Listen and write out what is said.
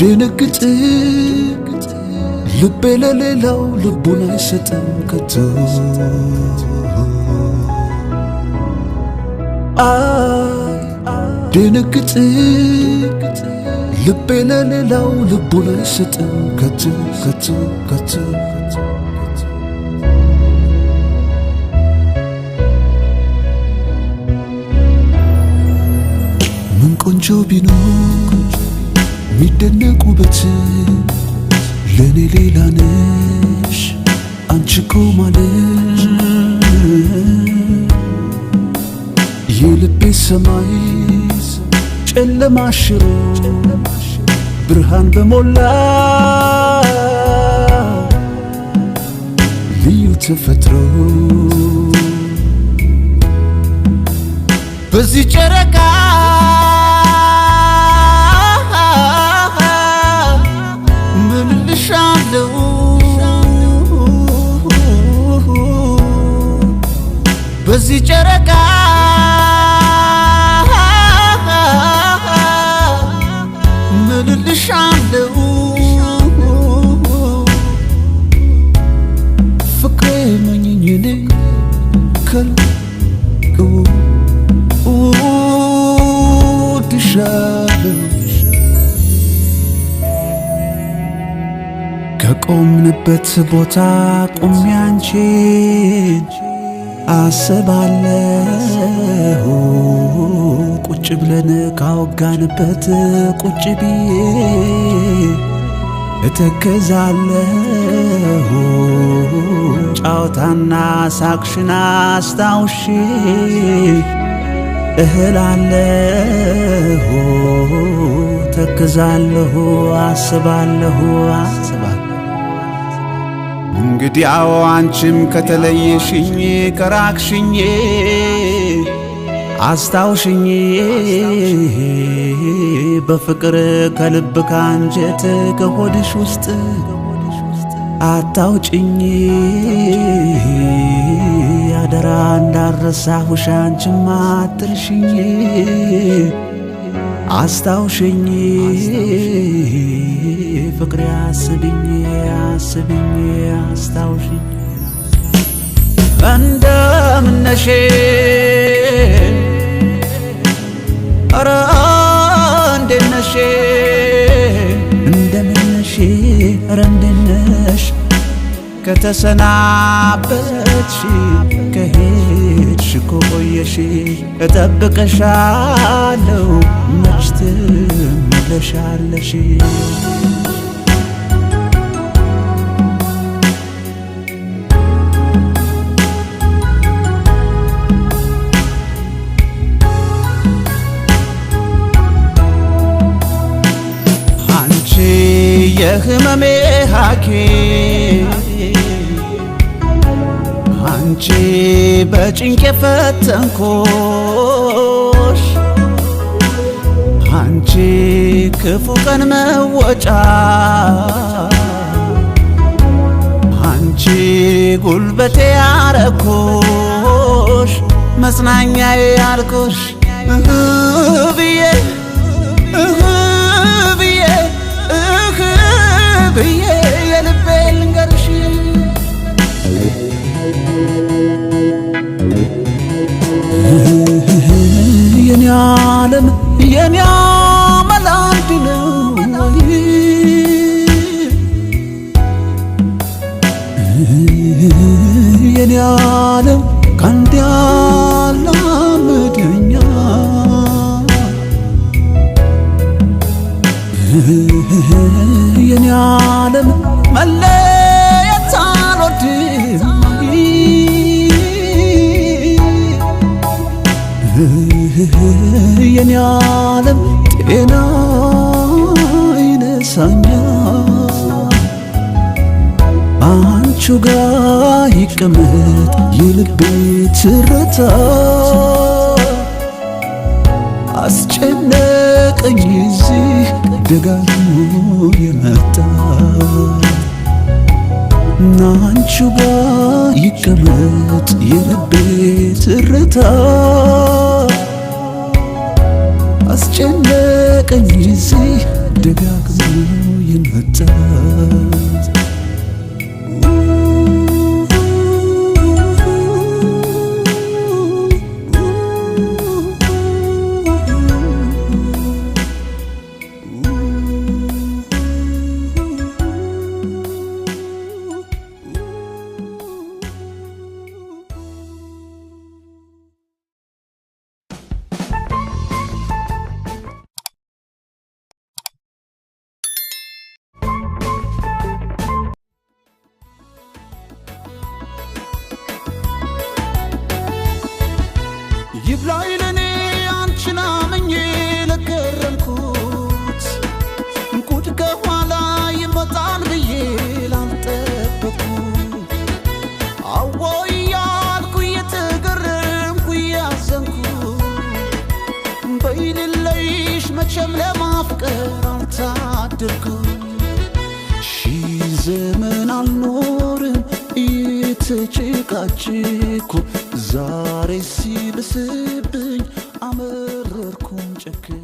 ድንግጥ ልቤ ለሌላው ልቡን አይሰጥም ከቶ ድንግጥ ልቤ ለሌላው ልቡን አይሰጥም ከቶ ከቶ ከቶ ቆንጆ ቢኖር የሚደነቅ ውበት ለእኔ ሌላ ነሽ አንቺ እኮ ማለት የልቤ ሰማይ ጨለማ ሽሮ ብርሃን በሞላ ልዩ ተፈጥሮ በዚህ ጨረቃ በዚህ ጨረቃ ምልልሻለው ፍቅሬ ከቆምንበት ቦታ ቁሚያንቼ አስባለሁ ቁጭ ብለን ካወጋንበት ቁጭ ብዬ እተከዛለሁ ጫውታና ሳቅሽና አስታውሺ እህላለሁ ተከዛለሁ አስባለሁ አስባለሁ እንግዲያው አንቺም ከተለየሽኝ ከራክሽኝ አስታውሽኝ በፍቅር ከልብ ካንጀት ከሆድሽ ውስጥ አታውጭኝ አደራ እንዳረሳሁሽ አንቺም አትርሽኝ አስታውሽኝ ፍቅሬ አስብኝ አስብኝ አስታውሽኝ እንደምነሽ ኧረ እንዴት ነሽ እንደምነሽ ኧረ እንዴት ነሽ ከተሰናበትሽ ከሄድሽ እኮ ቆየሽ እጠብቅሻለሁ መች ትመለሻለሽ የህመሜ ሐኪም አንቺ በጭንቅ የፈተንኩሽ አንቺ ክፉ ቀን መወጫ አንቺ ጉልበቴ ያረኩሽ መጽናኛዬ ያልኩሽ ብዬ Yeah. የኔ ዓለም መለየት አልወድም የኔ ዓለም ጤና ይነሳኛል አንቹ ጋር ይቀመጥ የልቤ ትርታ አስጨነ ቀኝ እዚህ ደጋግሞ የመጣ ናንቹ ጋ ይቀመጥ የልቤ ትርታ አስጨነቀኝ እዚህ ደጋግሞ የመጣ መቼም ለማፍቀር አልታደልኩም ሺህ ዘመን አልኖርም እየተጨቃጨኩ ዛሬ ሲብስብኝ አመረርኩም ጨክን